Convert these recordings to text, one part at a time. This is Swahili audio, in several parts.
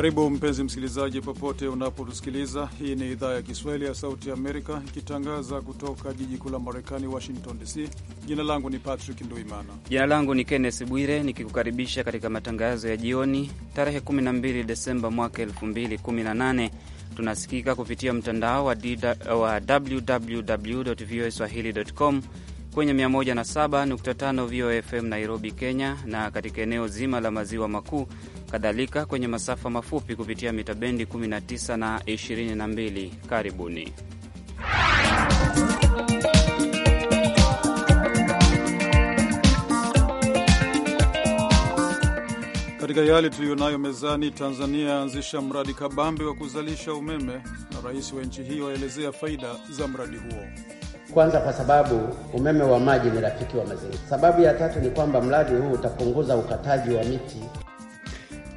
Karibu mpenzi msikilizaji, popote unapotusikiliza. Hii ni idhaa ya Kiswahili ya Sauti ya Amerika ikitangaza kutoka jiji kuu la Marekani, Washington DC. Jina langu ni Patrick Nduimana. Jina langu ni kennes Bwire nikikukaribisha katika matangazo ya jioni tarehe 12 Desemba mwaka 2018. Tunasikika kupitia mtandao wa, wa www voa swahili.com kwenye 107.5 VOA FM Nairobi, Kenya, na katika eneo zima la maziwa makuu, kadhalika kwenye masafa mafupi kupitia mita bendi 19 na 22. Karibuni. Katika yale tuliyonayo mezani, Tanzania yaanzisha mradi kabambe wa kuzalisha umeme na rais wa nchi hiyo aelezea faida za mradi huo. Kwanza kwa sababu umeme wa maji ni rafiki wa mazingira. Sababu ya tatu ni kwamba mradi huu utapunguza ukataji wa miti.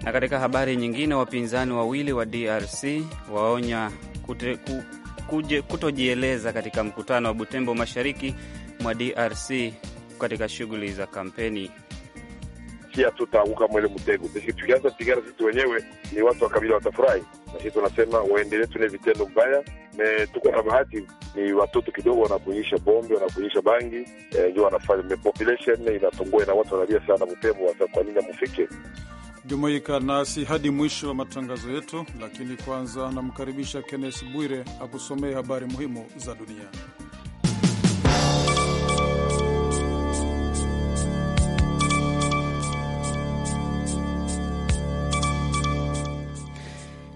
Na katika habari nyingine, wapinzani wawili wa DRC waonya kute, ku, kuje, kutojieleza katika mkutano wa Butembo mashariki mwa DRC katika shughuli za kampeni. Si hatutaanguka mwele mtego, tukianza kupigana sisi wenyewe, ni watu wa kabila watafurahi, na sisi tunasema waendelee, tune vitendo mbaya Eh, tuko na bahati ni watoto kidogo wanakunyisha bombe, wanakunyisha bangi eh, ndio wanafanya population inatungua na watu wanalia sana mtembo. Sasa kwa nini amufike? Jumuika nasi hadi mwisho wa matangazo yetu, lakini kwanza namkaribisha Kenneth Bwire akusomee habari muhimu za dunia.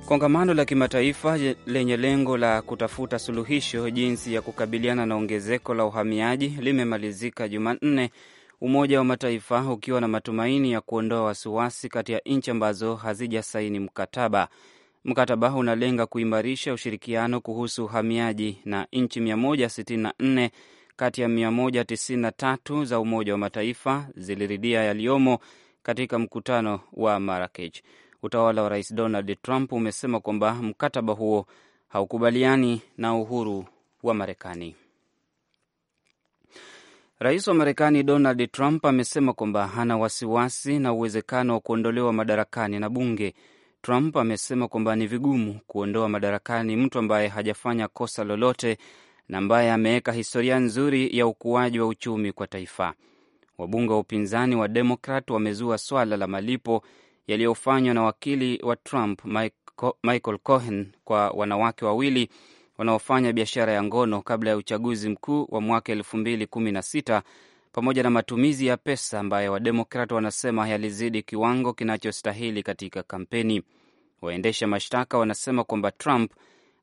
Kongamano la kimataifa lenye lengo la kutafuta suluhisho jinsi ya kukabiliana na ongezeko la uhamiaji limemalizika Jumanne, Umoja wa Mataifa ukiwa na matumaini ya kuondoa wasiwasi kati ya nchi ambazo hazijasaini mkataba. Mkataba unalenga kuimarisha ushirikiano kuhusu uhamiaji na nchi 164 kati ya 193 za Umoja wa Mataifa ziliridia yaliyomo katika mkutano wa Marakech. Utawala wa Rais Donald Trump umesema kwamba mkataba huo haukubaliani na uhuru wa Marekani. Rais wa Marekani Donald Trump amesema kwamba hana wasiwasi na uwezekano wa kuondolewa madarakani na bunge. Trump amesema kwamba ni vigumu kuondoa madarakani mtu ambaye hajafanya kosa lolote na ambaye ameweka historia nzuri ya ukuaji wa uchumi kwa taifa. Wabunge wa upinzani wa Demokrat wamezua swala la malipo yaliyofanywa na wakili wa Trump Michael Cohen kwa wanawake wawili wanaofanya biashara ya ngono kabla ya uchaguzi mkuu wa mwaka elfu mbili kumi na sita pamoja na matumizi ya pesa ambayo Wademokrat wanasema yalizidi kiwango kinachostahili katika kampeni. Waendesha mashtaka wanasema kwamba Trump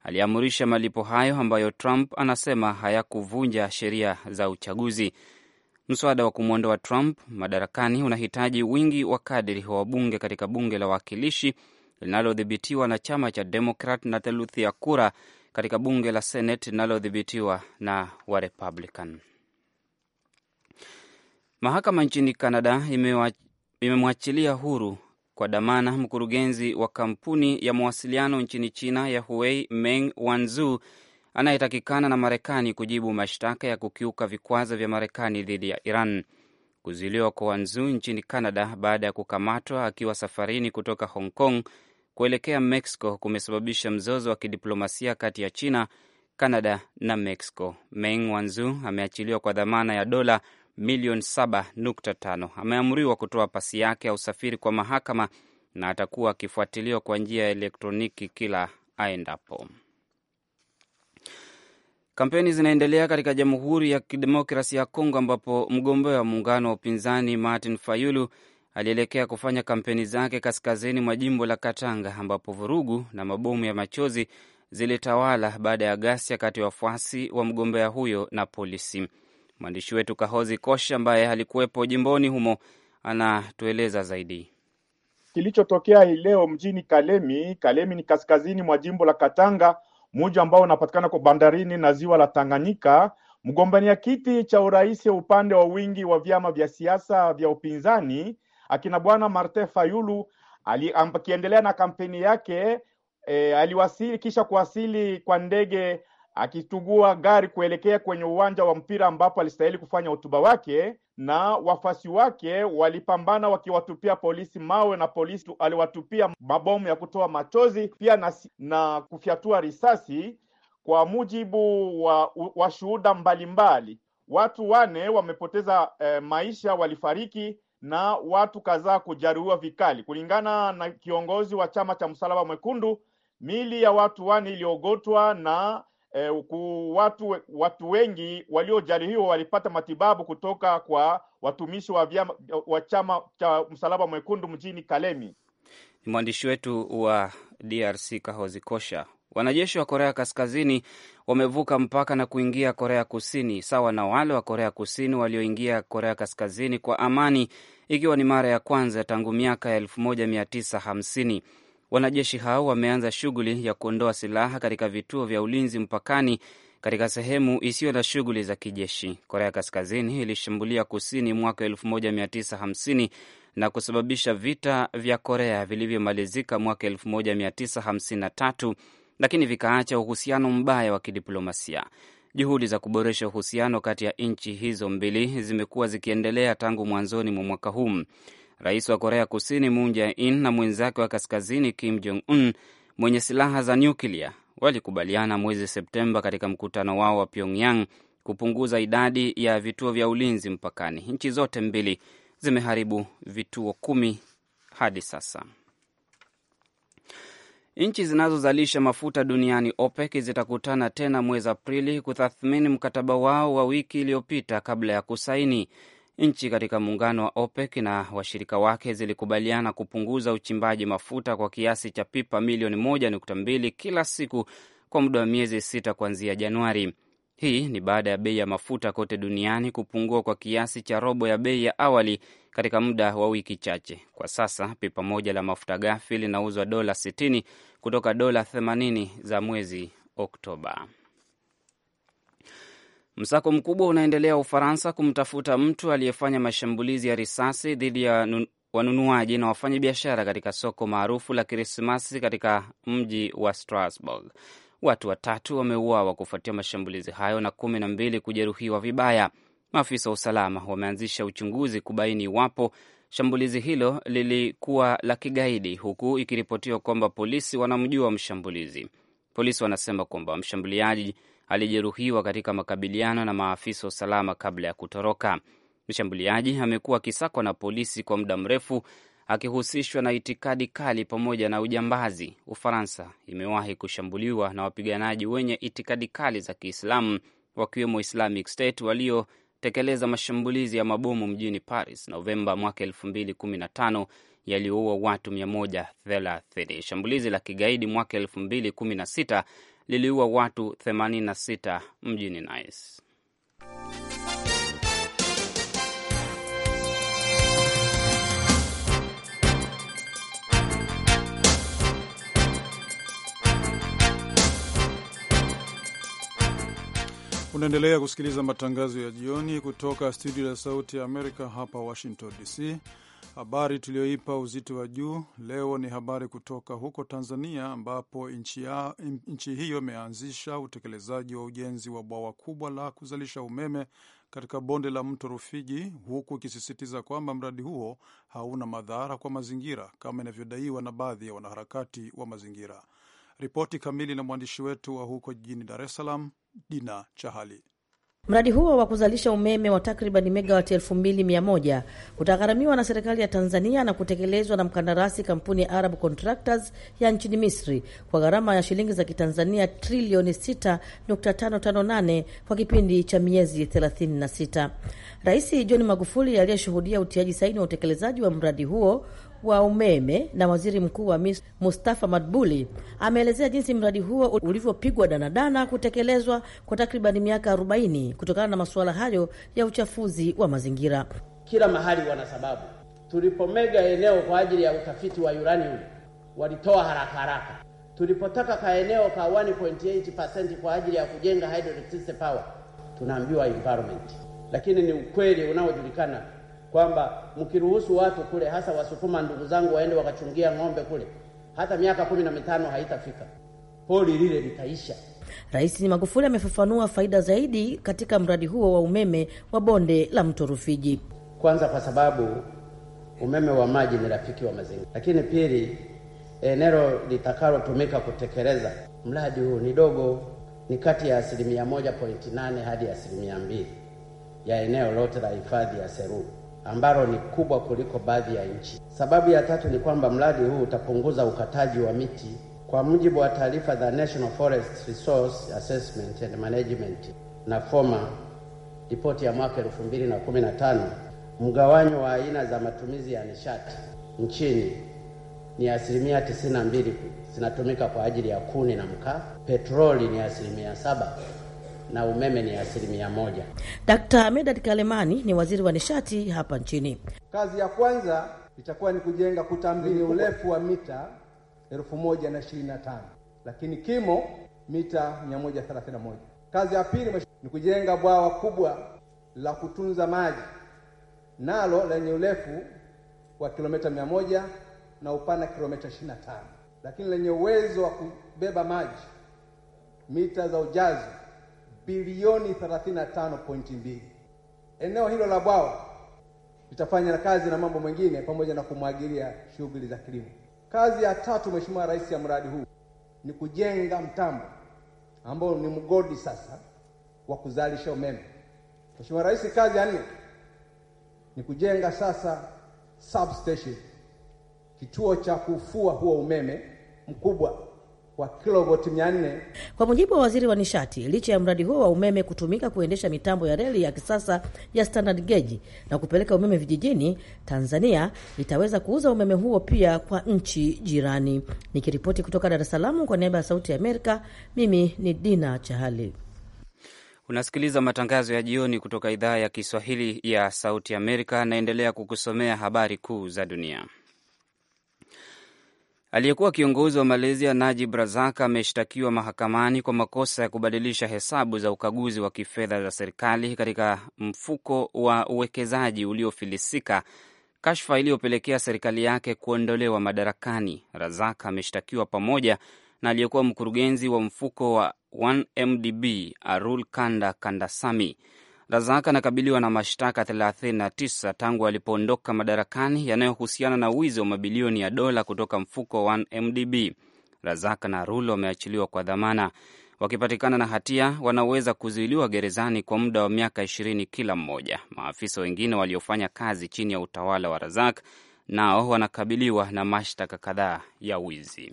aliamurisha malipo hayo ambayo Trump anasema hayakuvunja sheria za uchaguzi. Mswada wa kumwondoa Trump madarakani unahitaji wingi wa kadiri wa wabunge katika bunge la wawakilishi linalodhibitiwa na chama cha Demokrat na theluthi ya kura katika bunge la Senate linalodhibitiwa na Warepublican. Mahakama nchini canada imemwachilia huru kwa dhamana mkurugenzi wa kampuni ya mawasiliano nchini China ya Huawei Meng Wanzhou anayetakikana na Marekani kujibu mashtaka ya kukiuka vikwazo vya Marekani dhidi ya Iran. Kuzuiliwa kwa Wanzu nchini Canada baada ya kukamatwa akiwa safarini kutoka Hong Kong kuelekea Mexico kumesababisha mzozo wa kidiplomasia kati ya China, Canada na Mexico. Meng Wanzu ameachiliwa kwa dhamana ya dola milioni 7.5. Ameamriwa kutoa pasi yake ya usafiri kwa mahakama na atakuwa akifuatiliwa kwa njia ya elektroniki kila aendapo. Kampeni zinaendelea katika Jamhuri ya Kidemokrasia ya Kongo ambapo mgombea wa muungano wa upinzani Martin Fayulu alielekea kufanya kampeni zake kaskazini mwa jimbo la Katanga ambapo vurugu na mabomu ya machozi zilitawala baada ya ghasia kati ya wafuasi wa mgombea huyo na polisi. Mwandishi wetu Kahozi kosh ambaye alikuwepo jimboni humo anatueleza zaidi. Kilichotokea hii leo mjini Kalemi. Kalemi ni kaskazini mwa jimbo la Katanga muji ambao unapatikana kwa bandarini na ziwa la Tanganyika. Mgombania kiti cha urais upande wa wingi wa vyama vya siasa vya upinzani akina bwana Martin Fayulu akiendelea na kampeni yake e, aliwasili kisha kuwasili kwa ndege akitugua gari kuelekea kwenye uwanja wa mpira ambapo alistahili kufanya hotuba wake na wafuasi wake walipambana wakiwatupia polisi mawe na polisi aliwatupia mabomu ya kutoa machozi pia na, na kufyatua risasi. Kwa mujibu wa, wa shuhuda mbalimbali, watu wane wamepoteza eh, maisha walifariki na watu kadhaa kujeruhiwa vikali. Kulingana na kiongozi wa chama cha Msalaba Mwekundu, mili ya watu wane iliogotwa na eh, ku watu, watu wengi waliojeruhiwa walipata matibabu kutoka kwa watumishi wa, vyama, wa chama cha Msalaba Mwekundu mjini Kalemi. Ni mwandishi wetu wa DRC Kahozi Kosha. Wanajeshi wa Korea Kaskazini wamevuka mpaka na kuingia Korea Kusini, sawa na wale wa Korea Kusini walioingia Korea Kaskazini kwa amani, ikiwa ni mara ya kwanza tangu miaka ya 1950. Wanajeshi hao wameanza shughuli ya kuondoa silaha katika vituo vya ulinzi mpakani katika sehemu isiyo na shughuli za kijeshi. Korea Kaskazini ilishambulia kusini mwaka 1950 na kusababisha vita vya Korea vilivyomalizika mwaka 1953 lakini vikaacha uhusiano mbaya wa kidiplomasia. Juhudi za kuboresha uhusiano kati ya nchi hizo mbili zimekuwa zikiendelea tangu mwanzoni mwa mwaka huu. Rais wa Korea Kusini Moon Jae-in na mwenzake wa Kaskazini Kim Jong Un mwenye silaha za nyuklia walikubaliana mwezi Septemba katika mkutano wao wa Pyongyang kupunguza idadi ya vituo vya ulinzi mpakani. Nchi zote mbili zimeharibu vituo kumi hadi sasa. Nchi zinazozalisha mafuta duniani OPEC zitakutana tena mwezi Aprili kutathmini mkataba wao wa wiki iliyopita kabla ya kusaini. Nchi katika muungano wa OPEC na washirika wake zilikubaliana kupunguza uchimbaji mafuta kwa kiasi cha pipa milioni moja nukta mbili kila siku kwa muda wa miezi sita kuanzia Januari. Hii ni baada ya bei ya mafuta kote duniani kupungua kwa kiasi cha robo ya bei ya awali katika muda wa wiki chache. Kwa sasa pipa moja la mafuta ghafi linauzwa dola 60 kutoka dola 80 za mwezi Oktoba. Msako mkubwa unaendelea Ufaransa kumtafuta mtu aliyefanya mashambulizi ya risasi dhidi ya wanunuaji na wafanyabiashara katika soko maarufu la Krismasi katika mji wa Strasbourg. Watu watatu wameuawa kufuatia mashambulizi hayo na kumi na mbili kujeruhiwa vibaya. Maafisa wa usalama wameanzisha uchunguzi kubaini iwapo shambulizi hilo lilikuwa la kigaidi, huku ikiripotiwa kwamba polisi wanamjua mshambulizi. Polisi wanasema kwamba mshambuliaji alijeruhiwa katika makabiliano na maafisa wa usalama kabla ya kutoroka. Mshambuliaji amekuwa akisakwa na polisi kwa muda mrefu akihusishwa na itikadi kali pamoja na ujambazi. Ufaransa imewahi kushambuliwa na wapiganaji wenye itikadi kali za Kiislamu wakiwemo Islamic State waliotekeleza mashambulizi ya mabomu mjini Paris Novemba mwaka 2015 yaliyoua watu 130. Shambulizi la kigaidi mwaka 2016 liliua watu 86 mjini Nice. Unaendelea kusikiliza matangazo ya jioni kutoka studio ya Sauti ya Amerika hapa Washington DC. Habari tuliyoipa uzito wa juu leo ni habari kutoka huko Tanzania, ambapo nchi hiyo imeanzisha utekelezaji wa ujenzi wa bwawa kubwa la kuzalisha umeme katika bonde la mto Rufiji, huku ikisisitiza kwamba mradi huo hauna madhara kwa mazingira kama inavyodaiwa na baadhi ya wanaharakati wa mazingira. Ripoti kamili na mwandishi wetu wa huko jijini Dar es Salaam, Dina Chahali. Mradi huo wa kuzalisha umeme wa takribani megawati 2100 utagharamiwa na serikali ya Tanzania na kutekelezwa na mkandarasi kampuni ya Arab Contractors ya nchini Misri kwa gharama ya shilingi za Kitanzania trilioni 6.558 kwa kipindi cha miezi 36. Rais John Magufuli aliyeshuhudia utiaji saini wa utekelezaji wa mradi huo wa umeme na waziri mkuu wa Misri Mustafa Madbuli ameelezea jinsi mradi huo ulivyopigwa danadana kutekelezwa kwa takribani miaka 40 kutokana na masuala hayo ya uchafuzi wa mazingira. Kila mahali wana sababu. Tulipomega eneo kwa ajili ya utafiti wa uranium walitoa haraka haraka. Tulipotaka eneo ka 1.8% kwa ajili ya kujenga hydroelectric power tunaambiwa environment, lakini ni ukweli unaojulikana kwamba mkiruhusu watu kule, hasa Wasukuma ndugu zangu, waende wakachungia ng'ombe kule, hata miaka kumi na mitano haitafika, pori lile litaisha. Rais Magufuli amefafanua faida zaidi katika mradi huo wa umeme wa bonde la mto Rufiji. Kwanza kwa sababu umeme wa maji ni rafiki wa mazingira, lakini pili, eneo litakalotumika kutekeleza mradi huu ni dogo, ni kati ya asilimia moja pointi nane hadi asilimia mbili ya eneo lote la hifadhi ya Seru ambalo ni kubwa kuliko baadhi ya nchi. Sababu ya tatu ni kwamba mradi huu utapunguza ukataji wa miti kwa mujibu wa taarifa za National Forest Resource Assessment and Management na FORMA, ripoti ya mwaka 2015, mgawanyo wa aina za matumizi ya nishati nchini ni asilimia 92 zinatumika kwa ajili ya kuni na mkaa, petroli ni asilimia saba na umeme ni asilimia moja. Dkt. Medad Kalemani ni waziri wa nishati hapa nchini. Kazi ya kwanza itakuwa ni kujenga kuta mbili urefu wa mita elfu moja na ishirini na tano lakini kimo mita 131. Kazi ya pili ni kujenga bwawa kubwa la kutunza maji nalo lenye urefu wa kilomita 100 na upana kilomita 25, lakini lenye uwezo wa kubeba maji mita za ujazo bilioni 35.2. Eneo hilo la bwawa litafanya kazi na mambo mengine pamoja na kumwagilia shughuli za kilimo. Kazi ya tatu, Mheshimiwa Rais, ya mradi huu ni kujenga mtambo ambao ni mgodi sasa wa kuzalisha umeme. Mheshimiwa Rais, kazi ya nne ni kujenga sasa substation, kituo cha kufua huo umeme mkubwa kwa kilovoti nne. Kwa mujibu wa waziri wa nishati, licha ya mradi huo wa umeme kutumika kuendesha mitambo ya reli ya kisasa ya standard gauge na kupeleka umeme vijijini, Tanzania itaweza kuuza umeme huo pia kwa nchi jirani. Nikiripoti kutoka Dar es Salaam kwa niaba ya Sauti ya Amerika, mimi ni Dina Chahali. Unasikiliza matangazo ya jioni kutoka idhaa ya Kiswahili ya Sauti Amerika. Naendelea kukusomea habari kuu za dunia. Aliyekuwa kiongozi wa Malaysia Najib Razak ameshtakiwa mahakamani kwa makosa ya kubadilisha hesabu za ukaguzi wa kifedha za serikali katika mfuko wa uwekezaji uliofilisika, kashfa iliyopelekea serikali yake kuondolewa madarakani. Razak ameshtakiwa pamoja na aliyekuwa mkurugenzi wa mfuko wa 1MDB Arul Kanda Kandasamy. Razak anakabiliwa na mashtaka 39 tangu alipoondoka madarakani yanayohusiana na wizi wa mabilioni ya dola kutoka mfuko wa 1MDB. Razak na rul wameachiliwa kwa dhamana. Wakipatikana na hatia, wanaweza kuzuiliwa gerezani kwa muda wa miaka ishirini kila mmoja. Maafisa wengine waliofanya kazi chini ya utawala wa Razak nao wanakabiliwa na mashtaka kadhaa ya wizi.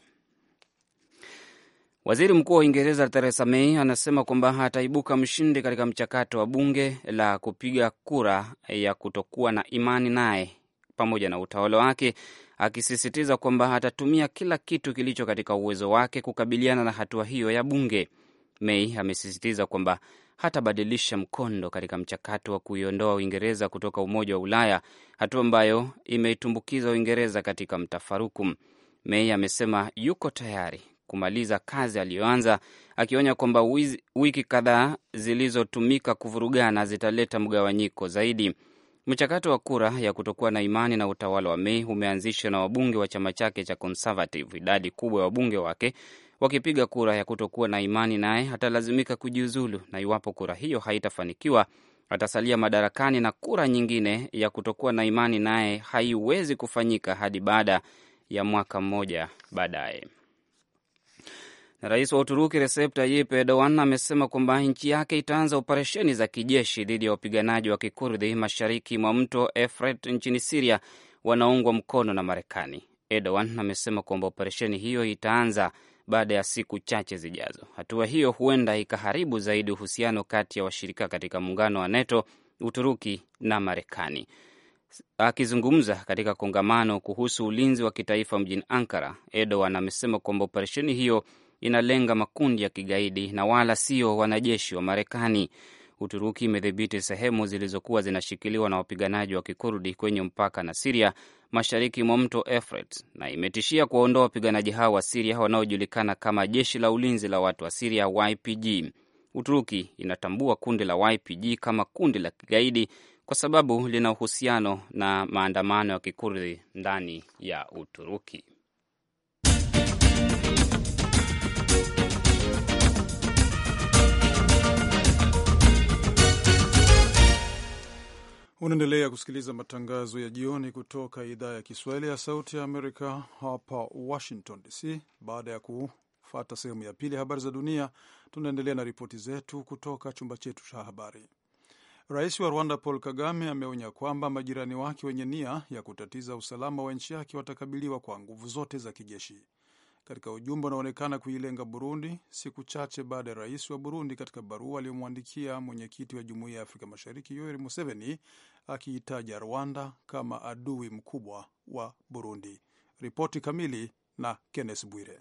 Waziri Mkuu wa Uingereza Theresa May anasema kwamba ataibuka mshindi katika mchakato wa bunge la kupiga kura ya kutokuwa na imani naye pamoja na utawala wake, akisisitiza kwamba atatumia kila kitu kilicho katika uwezo wake kukabiliana na hatua hiyo ya bunge. May amesisitiza kwamba hatabadilisha mkondo katika mchakato wa kuiondoa Uingereza kutoka Umoja wa Ulaya, hatua ambayo imeitumbukiza Uingereza katika mtafaruku. May amesema yuko tayari kumaliza kazi aliyoanza, akionya kwamba wiki kadhaa zilizotumika kuvurugana zitaleta mgawanyiko zaidi. Mchakato wa kura ya kutokuwa na imani na utawala wa Mei umeanzishwa na wabunge wa chama chake cha Conservative, idadi kubwa ya wabunge wake wakipiga kura ya kutokuwa na imani naye atalazimika kujiuzulu, na iwapo kura hiyo haitafanikiwa atasalia madarakani, na kura nyingine ya kutokuwa na imani naye haiwezi kufanyika hadi baada ya mwaka mmoja baadaye. Rais wa Uturuki Recep Tayyip Erdogan amesema kwamba nchi yake itaanza operesheni za kijeshi dhidi ya wapiganaji wa kikurdhi mashariki mwa mto Efret nchini Siria wanaungwa mkono na Marekani. Erdogan amesema kwamba operesheni hiyo itaanza baada ya siku chache zijazo. Hatua hiyo huenda ikaharibu zaidi uhusiano kati ya washirika katika muungano wa NATO, Uturuki na Marekani. Akizungumza katika kongamano kuhusu ulinzi wa kitaifa mjini Ankara, Erdogan amesema kwamba operesheni hiyo inalenga makundi ya kigaidi na wala sio wanajeshi wa Marekani. Uturuki imedhibiti sehemu zilizokuwa zinashikiliwa na wapiganaji wa kikurdi kwenye mpaka na Siria, mashariki mwa mto Efrat, na imetishia kuwaondoa wapiganaji hao wa Siria wanaojulikana kama jeshi la ulinzi la watu wa Siria, YPG. Uturuki inatambua kundi la YPG kama kundi la kigaidi kwa sababu lina uhusiano na maandamano ya kikurdi ndani ya Uturuki. Unaendelea kusikiliza matangazo ya jioni kutoka idhaa ya Kiswahili ya Sauti ya Amerika hapa Washington DC. Baada ya kufata sehemu ya pili habari za dunia, tunaendelea na ripoti zetu kutoka chumba chetu cha habari. Rais wa Rwanda Paul Kagame ameonya kwamba majirani wake wenye nia ya kutatiza usalama wa nchi yake watakabiliwa kwa nguvu zote za kijeshi. Katika ujumbe unaonekana kuilenga Burundi siku chache baada ya rais wa Burundi katika barua aliyomwandikia mwenyekiti wa jumuiya ya Afrika Mashariki Yoweri Museveni akiitaja Rwanda kama adui mkubwa wa Burundi. Ripoti kamili na Kenneth Bwire.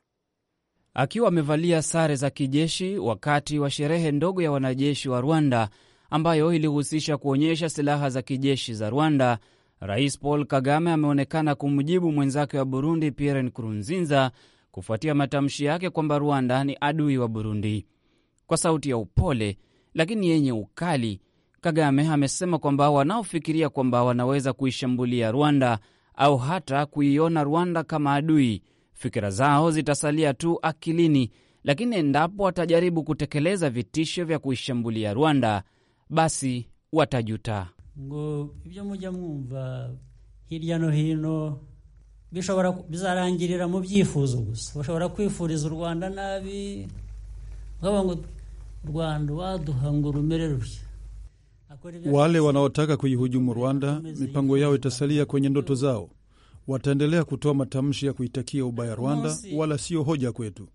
Akiwa amevalia sare za kijeshi wakati wa sherehe ndogo ya wanajeshi wa Rwanda ambayo ilihusisha kuonyesha silaha za kijeshi za Rwanda, Rais Paul Kagame ameonekana kumjibu mwenzake wa Burundi Pierre Nkurunziza kufuatia matamshi yake kwamba Rwanda ni adui wa Burundi. Kwa sauti ya upole lakini yenye ukali, Kagame amesema kwamba wanaofikiria kwamba wanaweza kuishambulia Rwanda au hata kuiona Rwanda kama adui, fikira zao zitasalia tu akilini, lakini endapo watajaribu kutekeleza vitisho vya kuishambulia Rwanda, basi watajuta. ngo ibyo mujya mwumva hirya no hino bishobora bizarangirira mu byifuzo gusa. Bashobora kwifuriza u Rwanda nabi, ukavuga ngo Rwanda waduha ngo rumere rushya wale wanaotaka kuihujumu Rwanda, mipango yao itasalia kwenye ndoto zao. Wataendelea kutoa matamshi ya kuitakia ubaya Rwanda, wala sio hoja kwetu,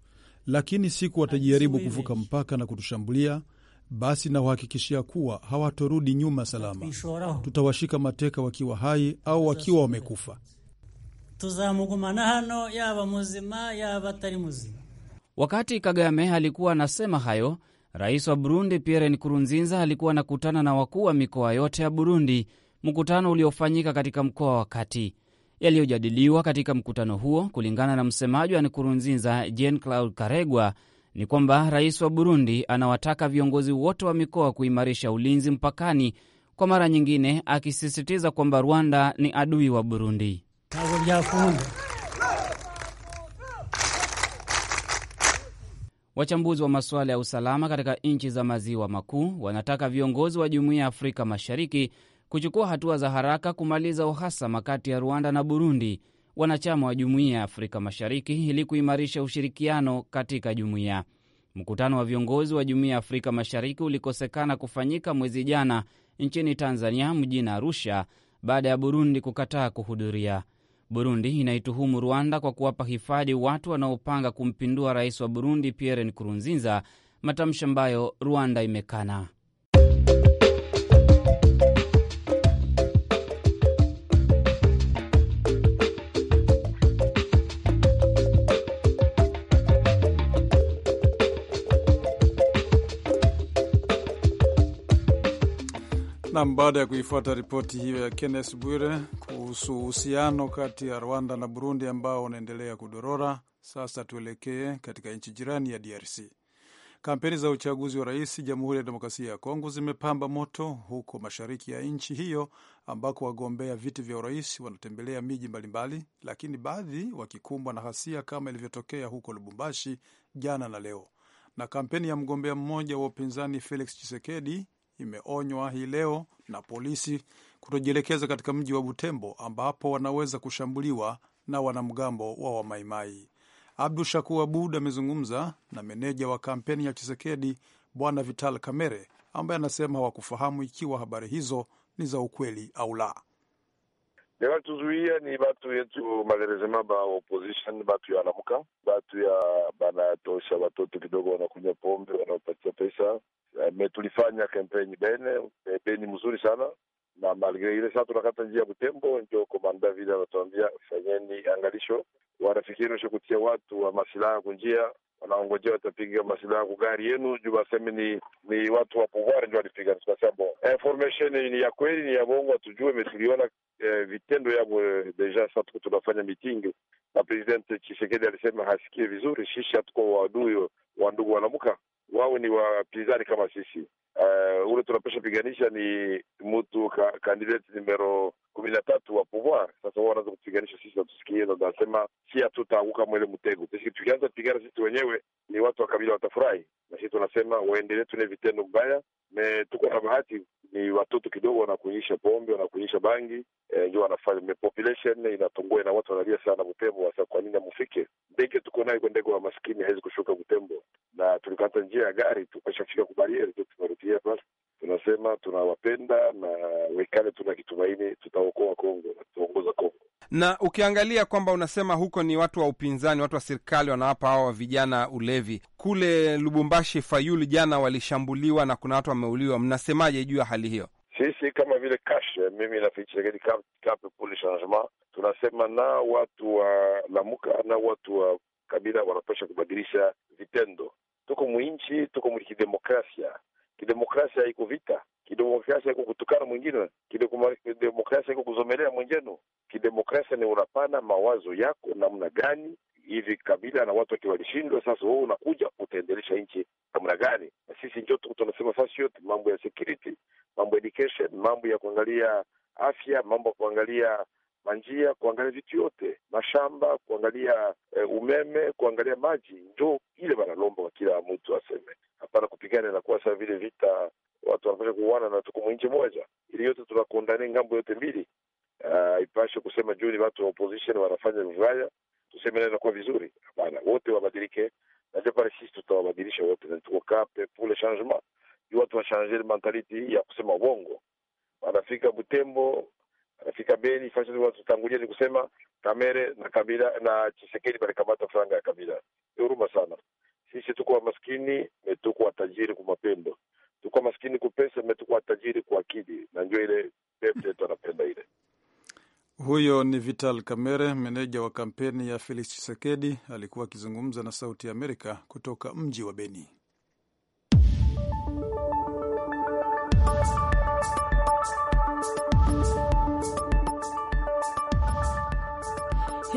lakini siku watajaribu kuvuka mpaka na kutushambulia, basi nawahakikishia kuwa hawatorudi nyuma salama. Tutawashika mateka wakiwa hai au wakiwa wamekufa. tuzamugumana hano yaba muzima yaba atari muzima. Wakati Kagame alikuwa anasema hayo Rais wa Burundi Pierre Nkurunziza alikuwa anakutana na wakuu wa mikoa yote ya Burundi, mkutano uliofanyika katika mkoa wa Kati. Yaliyojadiliwa katika mkutano huo, kulingana na msemaji wa Nkurunziza Jean Claude Karegwa, ni kwamba rais wa Burundi anawataka viongozi wote wa mikoa kuimarisha ulinzi mpakani, kwa mara nyingine akisisitiza kwamba Rwanda ni adui wa Burundi. Wachambuzi wa masuala ya usalama katika nchi za maziwa makuu wanataka viongozi wa jumuiya ya Afrika Mashariki kuchukua hatua za haraka kumaliza uhasama kati ya Rwanda na Burundi, wanachama wa jumuiya ya Afrika Mashariki, ili kuimarisha ushirikiano katika jumuiya. Mkutano wa viongozi wa jumuiya ya Afrika Mashariki ulikosekana kufanyika mwezi jana nchini Tanzania, mjini Arusha, baada ya Burundi kukataa kuhudhuria. Burundi inaituhumu Rwanda kwa kuwapa hifadhi watu wanaopanga kumpindua rais wa Burundi Pierre Nkurunziza, matamshi ambayo Rwanda imekana. Nam, baada ya kuifuata ripoti hiyo ya kennes Bwire kuhusu uhusiano kati ya Rwanda na Burundi ambao unaendelea kudorora, sasa tuelekee katika nchi jirani ya DRC. Kampeni za uchaguzi wa rais Jamhuri ya Demokrasia ya Kongo zimepamba moto huko mashariki ya nchi hiyo ambako wagombea viti vya urais wanatembelea miji mbalimbali, lakini baadhi wakikumbwa na hasia kama ilivyotokea huko Lubumbashi jana na leo. Na kampeni ya mgombea mmoja wa upinzani Felix chisekedi imeonywa hii leo na polisi kutojielekeza katika mji wa Butembo ambapo wanaweza kushambuliwa na wanamgambo wa Wamaimai. Abdu Shakur Abud amezungumza na meneja wa kampeni ya Chisekedi Bwana Vital Kamere ambaye anasema hawakufahamu ikiwa habari hizo ni za ukweli au la yabatuzuia ni batu yetu magerezema ba opposition batu ya alamuka batu ya banatosha watoto kidogo, wanakunya pombe, wanaopatia pesa. Eh, me tulifanya kampeni bene eh, beni mzuri sana na malgre ile saa tunakata njia ya Butembo, ndio komanda vile anatuambia fanyeni angalisho, wanafikiri kutia watu wa masilaha kunjia, wanaongojea watapiga masilaha kugari yenu juu waseme ni ni watu wa pouvoir ndio walipiga. Tukasema bon, information ni ya kweli, ni ya bongo, hatujue metuliona eh, vitendo yavo eh, deja. Saa tuko tunafanya mitingi na president Chisekedi alisema hasikie vizuri, sisi hatuko waadui wa ndugu wanamuka, wao ni wapinzani kama sisi uh, ule tunapesha piganisha ni mtu ka, kandidati numero kumi na tatu wa pouvoir. Sasa wao wanaanza kutupiganisha sisi, natusikie na tunasema si hatutaanguka mwele mtego. Tukianza kupigana sisi wenyewe ni watu wa kabila watafurahi, na sisi tunasema waendelee tune vitendo mbaya me tuko na bahati ni watoto kidogo wanakunyisha pombe wanakunyisha bangi e, ndio wanafanya population na watu wanalia sana Butembo. Hasa kwa nini amufike ndege tuko naye kwa ndege wa maskini hawezi kushuka Butembo na tulipata njia ya gari, tukashafika kubarieri tu, tunarudia basi. tunasema tunawapenda na wekale, tuna kitumaini tutaokoa Kongo na tutaongoza Kongo. Na ukiangalia kwamba unasema huko ni watu wa upinzani, watu wa serikali wanawapa hawa vijana ulevi. Kule Lubumbashi, Fayulu jana walishambuliwa na kuna watu wameuliwa, mnasemaje juu ya hali hiyo? Sisi kama vile kash eh, mimi nafichegedi tunasema na watu wa Lamuka na watu wa kabila wanapasha kubadilisha vitendo. Tuko mwinchi, tuko mkidemokrasia. Kidemokrasia haiko vita, kidemokrasia haiko kutukana mwingine, kidemokrasia haiko kuzomelea mwingine. Kidemokrasia ni unapana mawazo yako namna gani hivi kabila na watu wakiwalishindwa, sasa wewe unakuja utaendelesha nchi namna gani? Na sisi njo tuko tunasema fasi yote, mambo ya security, mambo ya education, mambo ya kuangalia afya, mambo ya kuangalia manjia, kuangalia vitu yote, mashamba, kuangalia e, umeme, kuangalia maji, njo ile wanalomba kwa kila mtu aseme hapana, kupigana inakuwa saa vile vita, watu wanapasha kuuana na tuko mwinji moja, ili yote tunakondane ngambo yote mbili. Uh, ipashe kusema juu ni watu wa opposition wanafanya vibaya, tuseme nayo inakuwa vizuri. Hapana, wote wabadilike, najua pale sisi tutawabadilisha wote, na tukokape pule changement juu watu wa washanje mentality ya kusema uongo, wanafika Butembo Fika Beni fasi watutangulia ni kusema Kamere na Kabila na Chisekedi balikamata franga ya Kabila. Huruma sana. Sisi tuko maskini, metuko tajiri kwa mapendo. Tuko maskini kwa pesa, metuko tajiri kwa akili. Na ndio ile pepe yetu anapenda ile. Huyo ni Vital Kamere, meneja wa kampeni ya Felix Chisekedi, alikuwa akizungumza na Sauti ya Amerika kutoka mji wa Beni.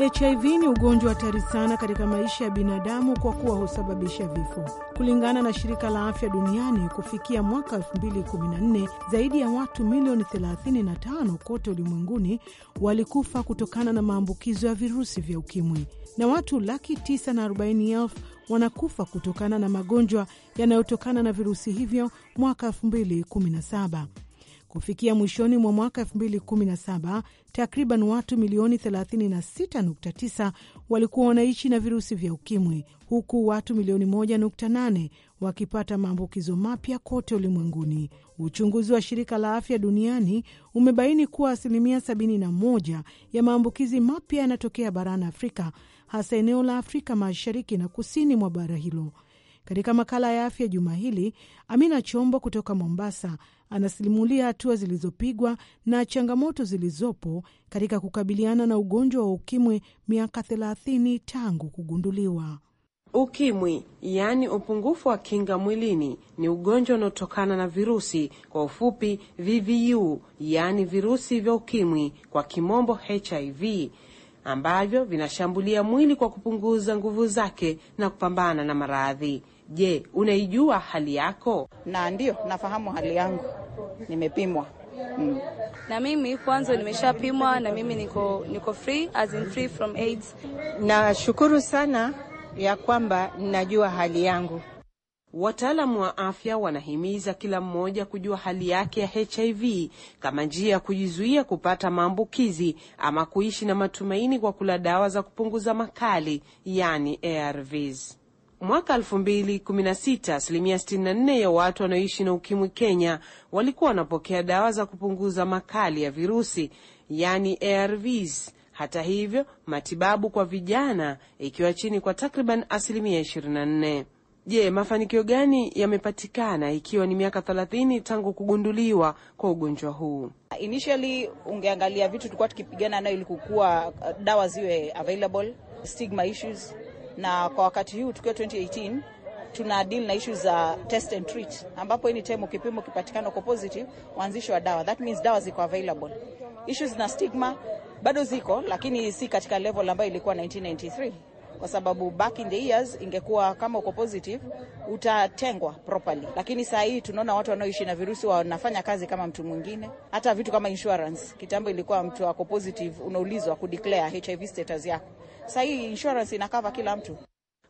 HIV ni ugonjwa hatari sana katika maisha ya binadamu kwa kuwa husababisha vifo. Kulingana na shirika la afya duniani, kufikia mwaka 2014 zaidi ya watu milioni 35 kote ulimwenguni walikufa kutokana na maambukizo ya virusi vya ukimwi na watu laki 9 na 40 elfu wanakufa kutokana na magonjwa yanayotokana na virusi hivyo mwaka 2017. Kufikia mwishoni mwa mwaka 2017 takriban watu milioni 36.9 walikuwa wanaishi na virusi vya ukimwi, huku watu milioni 1.8 wakipata maambukizo mapya kote ulimwenguni. Uchunguzi wa shirika la afya duniani umebaini kuwa asilimia 71 ya maambukizi mapya yanatokea barani Afrika, hasa eneo la Afrika mashariki na kusini mwa bara hilo. Katika makala ya afya juma hili, Amina Chombo kutoka Mombasa anasimulia hatua zilizopigwa na changamoto zilizopo katika kukabiliana na ugonjwa wa ukimwi miaka thelathini tangu kugunduliwa. Ukimwi yaani upungufu wa kinga mwilini ni ugonjwa unaotokana na virusi, kwa ufupi VVU, yaani virusi vya ukimwi, kwa kimombo HIV, ambavyo vinashambulia mwili kwa kupunguza nguvu zake na kupambana na maradhi. Je, unaijua hali yako? Na ndio nafahamu hali yangu, nimepimwa mm. Na mimi kwanza nimeshapimwa na mimi niko, niko free, as in free from AIDS. Nashukuru sana ya kwamba ninajua hali yangu. Wataalamu wa afya wanahimiza kila mmoja kujua hali yake ya HIV kama njia ya kujizuia kupata maambukizi ama kuishi na matumaini kwa kula dawa za kupunguza makali, yani ARVs. Mwaka 2016 asilimia 64 ya watu wanaoishi na ukimwi Kenya walikuwa wanapokea dawa za kupunguza makali ya virusi, yaani ARVs. Hata hivyo, matibabu kwa vijana ikiwa chini kwa takriban asilimia 24. Je, mafanikio gani yamepatikana ikiwa ni miaka 30 tangu kugunduliwa kwa ugonjwa huu? Initially ungeangalia vitu tulikuwa tukipigana nayo ili kukua eh, dawa ziwe available, stigma issues na kwa wakati huu tukiwa 2018 tuna deal na issues za test and treat, ambapo hii time ukipimo kipatikana uko positive, uanzisho wa dawa. That means dawa ziko available. Issues na stigma bado ziko, lakini si katika level ambayo ilikuwa 1993 kwa sababu back in the years ingekuwa kama uko positive utatengwa properly, lakini saa hii tunaona watu wanaoishi na virusi wanafanya kazi kama mtu mwingine. Hata vitu kama insurance, kitambo ilikuwa mtu ako positive unaulizwa declare HIV status yako. Saa hii insurance inakava kila mtu.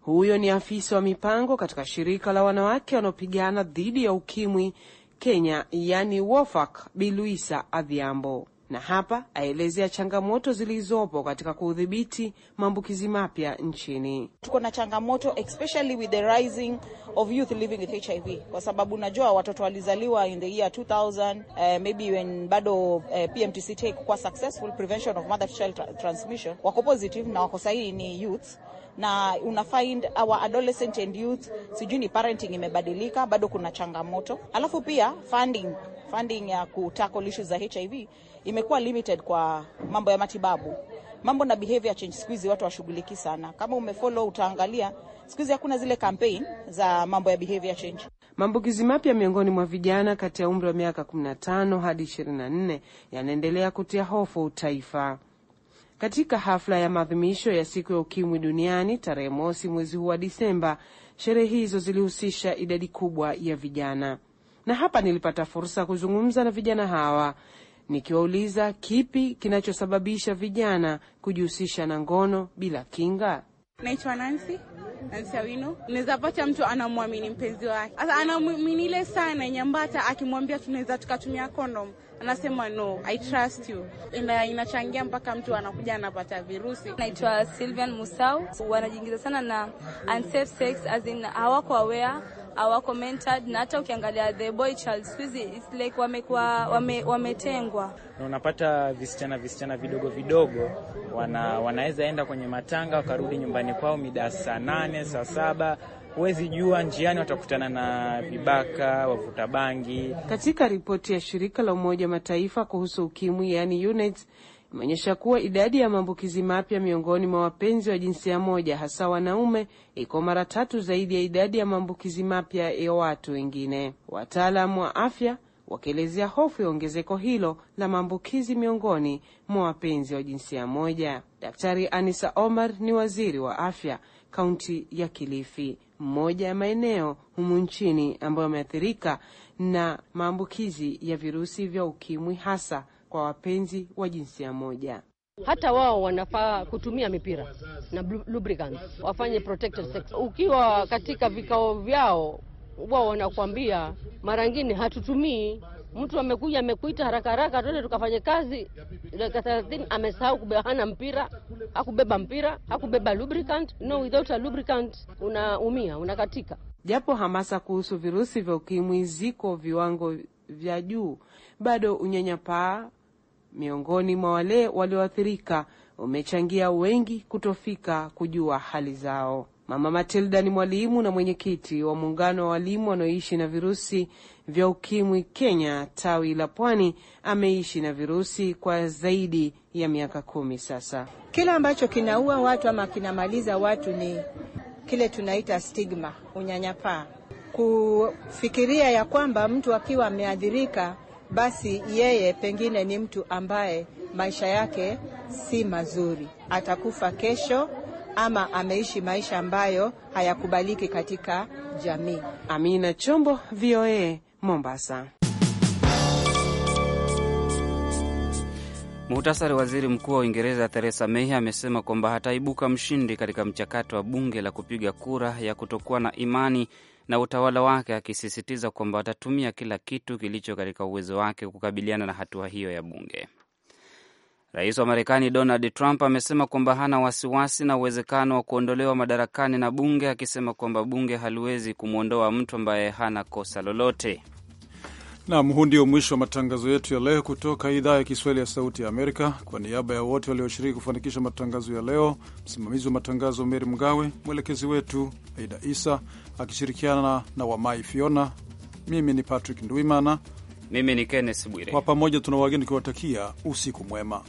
Huyo ni afisa wa mipango katika shirika la wanawake wanaopigana dhidi ya ukimwi Kenya, yani WOFAK, biluisa Adhiambo na hapa aelezea changamoto zilizopo katika kudhibiti maambukizi mapya nchini. Tuko na changamoto especially with the rising of youth living with HIV, kwa sababu najua watoto walizaliwa in the year 2000 uh, eh, maybe when bado uh, eh, PMTCT ikuwa successful prevention of mother child tra transmission, wako positive na wako sahihi ni youth na una find our adolescent and youth, sijui ni parenting imebadilika, bado kuna changamoto. Alafu pia funding funding ya kutackle issues za HIV imekuwa limited kwa mambo ya matibabu. Mambo na behavior change siku hizi watu washughuliki sana. Kama umefollow utaangalia, siku hizi hakuna zile campaign za mambo ya behavior change. Maambukizi mapya miongoni mwa vijana kati ya umri wa miaka 15 hadi 24 yanaendelea kutia hofu taifa. Katika hafla ya maadhimisho ya siku ya ukimwi duniani tarehe mosi mwezi huu wa Disemba, sherehe hizo zilihusisha idadi kubwa ya vijana na hapa nilipata fursa kuzungumza na vijana hawa nikiwauliza kipi kinachosababisha vijana kujihusisha na ngono bila kinga. Naitwa Nancy Nancy Awino. Unaweza pata mtu anamwamini mpenzi wake, sasa anamwamini ile sana nyambata, akimwambia tunaweza tukatumia kondom anasema no, I trust you. Ina, inachangia mpaka mtu anakuja anapata virusi. Naitwa Sylvian Musau. Wanajiingiza sana na unsafe sex as in hawako aware hawa commented, na hata ukiangalia the boy child squeeze it's like wamekuwa wame, wametengwa, na unapata visichana visichana vidogo vidogo wana, wanaweza enda kwenye matanga wakarudi nyumbani kwao mida saa nane saa saba huwezi jua njiani watakutana na vibaka wavuta bangi. Katika ripoti ya shirika la Umoja Mataifa kuhusu ukimwi, yaani UNAIDS imeonyesha kuwa idadi ya maambukizi mapya miongoni mwa wapenzi wa jinsia moja hasa wanaume iko mara tatu zaidi ya idadi ya maambukizi mapya ya watu wengine. Wataalamu wa afya wakielezea hofu ya ongezeko hilo la maambukizi miongoni mwa wapenzi wa jinsia moja. Daktari Anisa Omar ni waziri wa afya kaunti ya Kilifi, mmoja ya maeneo humu nchini ambayo yameathirika na maambukizi ya virusi vya ukimwi hasa kwa wapenzi wa jinsia moja. Hata wao wanafaa kutumia mipira na lubricants, wafanye protected sex. Ukiwa katika vikao vyao, wao wanakuambia mara ngine hatutumii Mtu amekuja amekuita haraka haraka, twende tukafanye kazi dakika thelathini, amesahau kubebana mpira, hakubeba mpira, hakubeba lubricant. No, without a lubricant unaumia, unakatika. Japo hamasa kuhusu virusi vya ukimwi ziko viwango vya juu, bado unyanyapaa miongoni mwa wale walioathirika umechangia wengi kutofika kujua hali zao. Mama Matilda ni mwalimu na mwenyekiti wa muungano wa walimu wanaoishi na virusi vya ukimwi Kenya tawi la Pwani. Ameishi na virusi kwa zaidi ya miaka kumi sasa. Kile ambacho kinaua watu ama kinamaliza watu ni kile tunaita stigma, unyanyapaa, kufikiria ya kwamba mtu akiwa ameathirika basi yeye pengine ni mtu ambaye maisha yake si mazuri, atakufa kesho ama ameishi maisha ambayo hayakubaliki katika jamii. Amina Chombo, VOA Mombasa. Muhtasari. Waziri Mkuu wa Uingereza Theresa May amesema kwamba hataibuka mshindi katika mchakato wa bunge la kupiga kura ya kutokuwa na imani na utawala wake, akisisitiza kwamba watatumia kila kitu kilicho katika uwezo wake kukabiliana na hatua hiyo ya bunge. Rais wa Marekani Donald Trump amesema kwamba hana wasiwasi na uwezekano wa kuondolewa madarakani na bunge, akisema kwamba bunge haliwezi kumwondoa mtu ambaye hana kosa lolote. Nam, huu ndio mwisho wa matangazo yetu ya leo kutoka idhaa ya Kiswahili ya Sauti ya Amerika. Kwa niaba ya wote walioshiriki kufanikisha matangazo ya leo, msimamizi wa matangazo Meri Mgawe, mwelekezi wetu Aida Isa akishirikiana na Wamai Fiona, mimi ni Patrick Ndwimana, mimi ni Kenneth Bwire, kwa pamoja tuna wageni tukiwatakia usiku mwema.